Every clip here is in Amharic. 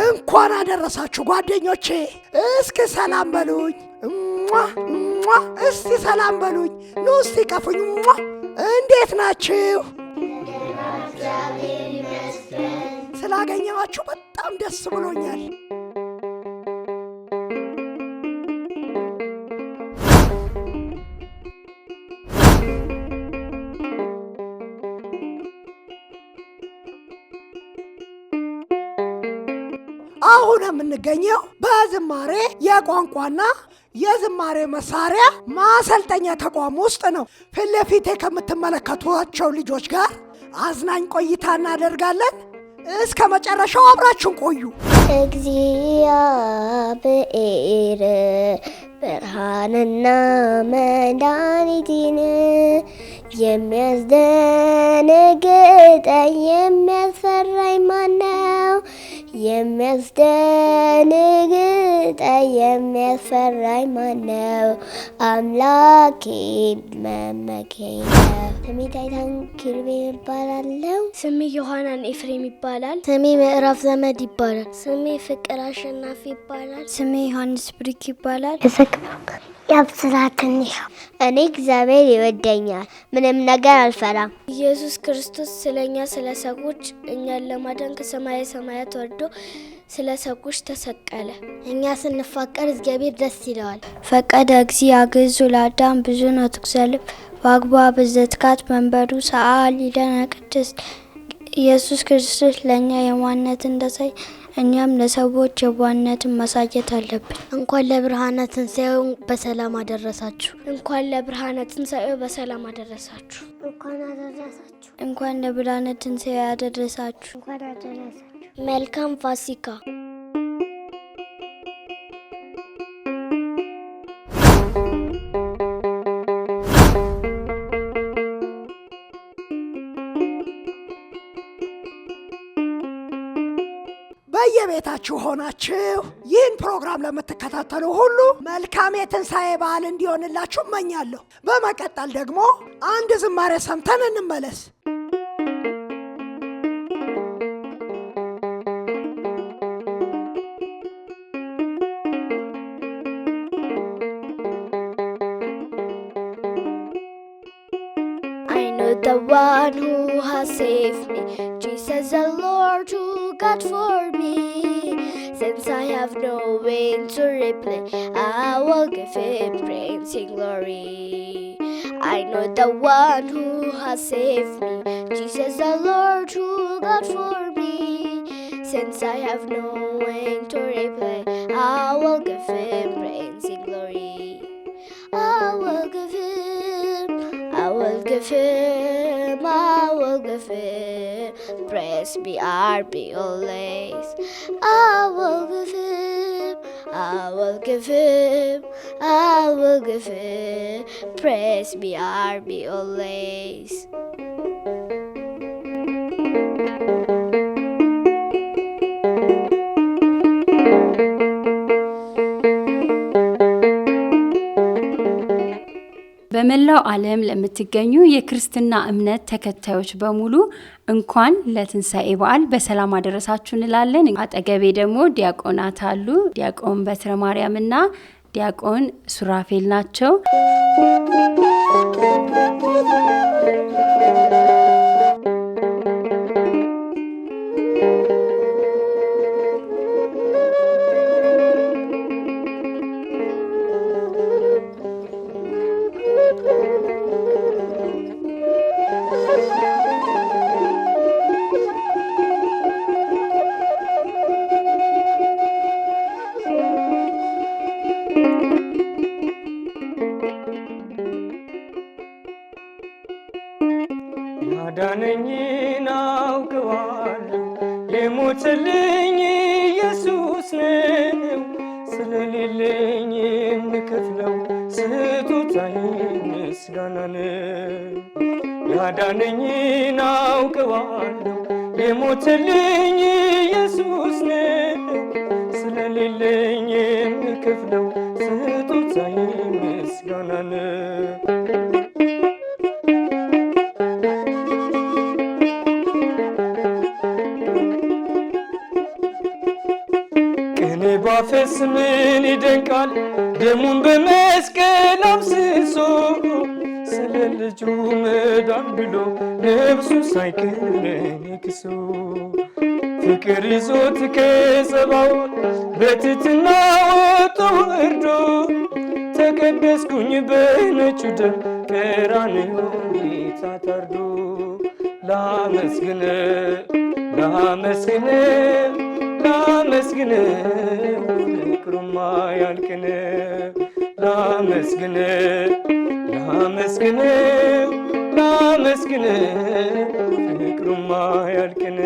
እንኳን አደረሳችሁ ጓደኞቼ። እስኪ ሰላም በሉኝ። እስቲ ሰላም በሉኝ። ኑ እስቲ ቀፉኝ። እንዴት ናችሁ? ስላገኘኋችሁ በጣም ደስ ብሎኛል። አሁን የምንገኘው በዝማሬ የቋንቋና የዝማሬ መሳሪያ ማሰልጠኛ ተቋም ውስጥ ነው። ፊት ለፊቴ ከምትመለከቷቸው ልጆች ጋር አዝናኝ ቆይታ እናደርጋለን። እስከ መጨረሻው አብራችን ቆዩ። እግዚአብሔር ብርሃንና መድኃኒቴን የሚያስደነግጠኝ የሚያስፈራኝ ማነው? የሚያስደንግጠ የሚያስፈራኝ ማነው? አምላኬ መመኬነው። ስሜ ታይታን ኪርቤ ይባላለሁ። ስሜ ዮሐናን ኤፍሬም ይባላል። ስሜ ምዕራፍ ዘመድ ይባላል። ስሜ ፍቅር አሸናፊ ይባላል። ስሜ ዮሐንስ ብሪክ ይባላል። ያብስራ ትንሽ እኔ እግዚአብሔር ይወደኛል፣ ምንም ነገር አልፈራም። ኢየሱስ ክርስቶስ ስለ እኛ ስለ ሰዎች እኛን ለማዳን ከሰማየ ሰማያት ወርዶ ስለ ሰዎች ተሰቀለ። እኛ ስንፋቀር እግዚአብሔር ደስ ይለዋል። ፈቀደ እግዚ አግዙ ለአዳም ብዙ ነው ትክሰልፍ ዋግቧ ብዘትካት መንበሩ ሰአ ሊደነ ቅድስት ኢየሱስ ክርስቶስ ለእኛ የዋህነትን እንዳሳይ እኛም ለሰዎች የዋህነትን ማሳየት አለብን። እንኳን ለብርሃነ ትንሣኤው በሰላም አደረሳችሁ። እንኳን ለብርሃነ ትንሣኤው በሰላም አደረሳችሁ። እንኳን አደረሳችሁ። እንኳን ለብርሃነ ትንሣኤው አደረሳችሁ። መልካም ፋሲካ በየቤታችሁ ሆናችሁ ይህን ፕሮግራም ለምትከታተሉ ሁሉ መልካም የትንሣኤ በዓል እንዲሆንላችሁ እመኛለሁ። በመቀጠል ደግሞ አንድ ዝማሬ ሰምተን እንመለስ። I know the one who has saved me. Jesus the Lord who God for me. Since I have no way to reply, I will give him praise and glory. I know the one who has saved me. Jesus the Lord who God for me. Since I have no way to reply. Gafir, Mawa Gafir, praise be our be always. I will give him, I will give him, I will give him, praise be our be በመላው ዓለም ለምትገኙ የክርስትና እምነት ተከታዮች በሙሉ እንኳን ለትንሣኤ በዓል በሰላም አደረሳችሁ እንላለን። አጠገቤ ደግሞ ዲያቆናት አሉ። ዲያቆን በትረ ማርያምና ዲያቆን ሱራፌል ናቸው። አዳነኝን አውቀዋለሁ የሞተልኝ ኢየሱስ ነው። ስለሌለኝ የምከፍለው ስጦታዬ ምስጋና ነው። ያዳነኝን አውቀዋለሁ የሞተልኝ ኢየሱስ ነው። ስለሌለኝ የምከፍለው ስጦታዬ ምስጋና ነው። ሲዋፈስ ምን ይደንቃል ደሙን በመስቀል አፍስሶ ስለ ልጁ መዳን ብሎ ነብሱ ሳይክር ነክሶ ፍቅር ይዞት ከጸባዖት በትትና ወጦ እርዶ ተቀደስኩኝ በነጩ ደም ቀራንዮ ታታርዶ ላመስግነ ላመስግን ላመስግን ፍቅሩማ ያልቅን ላመስግን ላመስግን ላመስግን ፍቅሩማ ያልቅን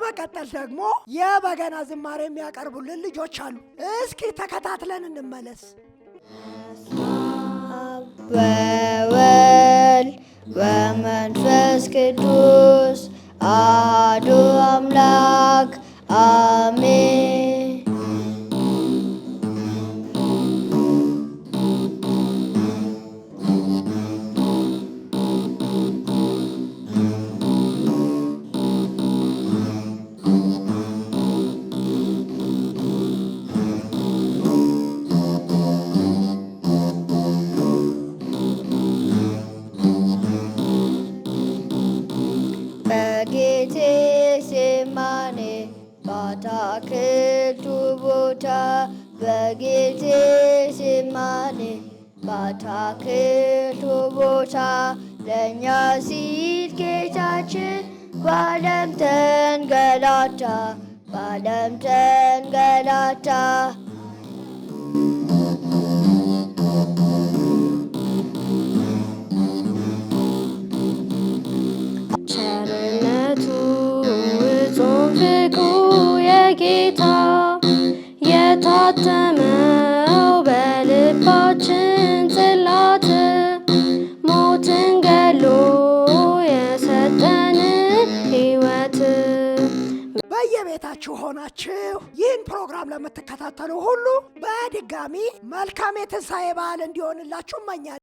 በመቀጠል ደግሞ የበገና ዝማሬ የሚያቀርቡልን ልጆች አሉ። እስኪ ተከታትለን እንመለስ። በወልድ በመንፈስ ቅዱስ አሐዱ አምላክ አሜን። በአማክርቱ ቦታ በጌቴ ሴማኔ በአታክርቱ ቦታ ለእኛ ሲል ጌታችን ባለም ተንገላታ ባለም ተንገላታ በታተመው በልባችን ጽላት ሞትን ገሎ የሰጠን ሕይወት በየቤታችሁ ሆናችሁ ይህን ፕሮግራም ለምትከታተሉ ሁሉ በድጋሚ መልካም የትንሣኤ በዓል እንዲሆንላችሁ እመኛለሁ።